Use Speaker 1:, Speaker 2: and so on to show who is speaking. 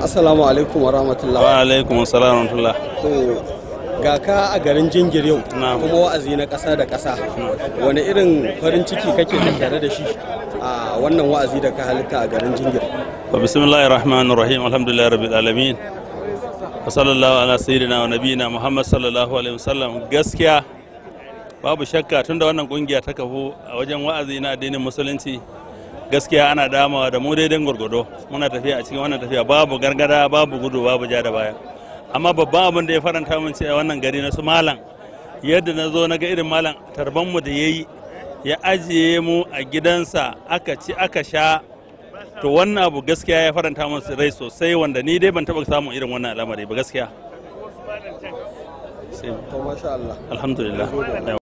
Speaker 1: Assalamu alaikum wa rahmatullah. Wa
Speaker 2: alaikum wa salam rahmatullah.
Speaker 1: ga ka a garin jingir yau kuma wa'azi na ƙasa da ƙasa wani irin farin ciki kake tattare da shi a wannan wa'azi da ka halitta a garin jingir.
Speaker 2: Wa bismillahir rahmanir rahim alhamdulillahi rabbil alamin. Wa sallallahu ala sayyidina wa nabiyina Muhammad sallallahu alaihi wasallam gaskiya babu shakka tunda wannan kungiya ta kafu a wajen wa'azi na addinin musulunci gaskiya ana damawa da mu daidai gwargwado muna tafiya a cikin wannan tafiya babu gargada babu gudu babu ja da baya amma babban abin da ya faranta min cewa wannan gari na su malam yadda na zo na ga irin malam tarban mu da yayi ya ajiye mu a gidansa aka ci aka sha to wannan abu gaskiya ya faranta min rai sosai wanda ni dai ban taba samu irin wannan al'amari ba gaskiya alhamdulillah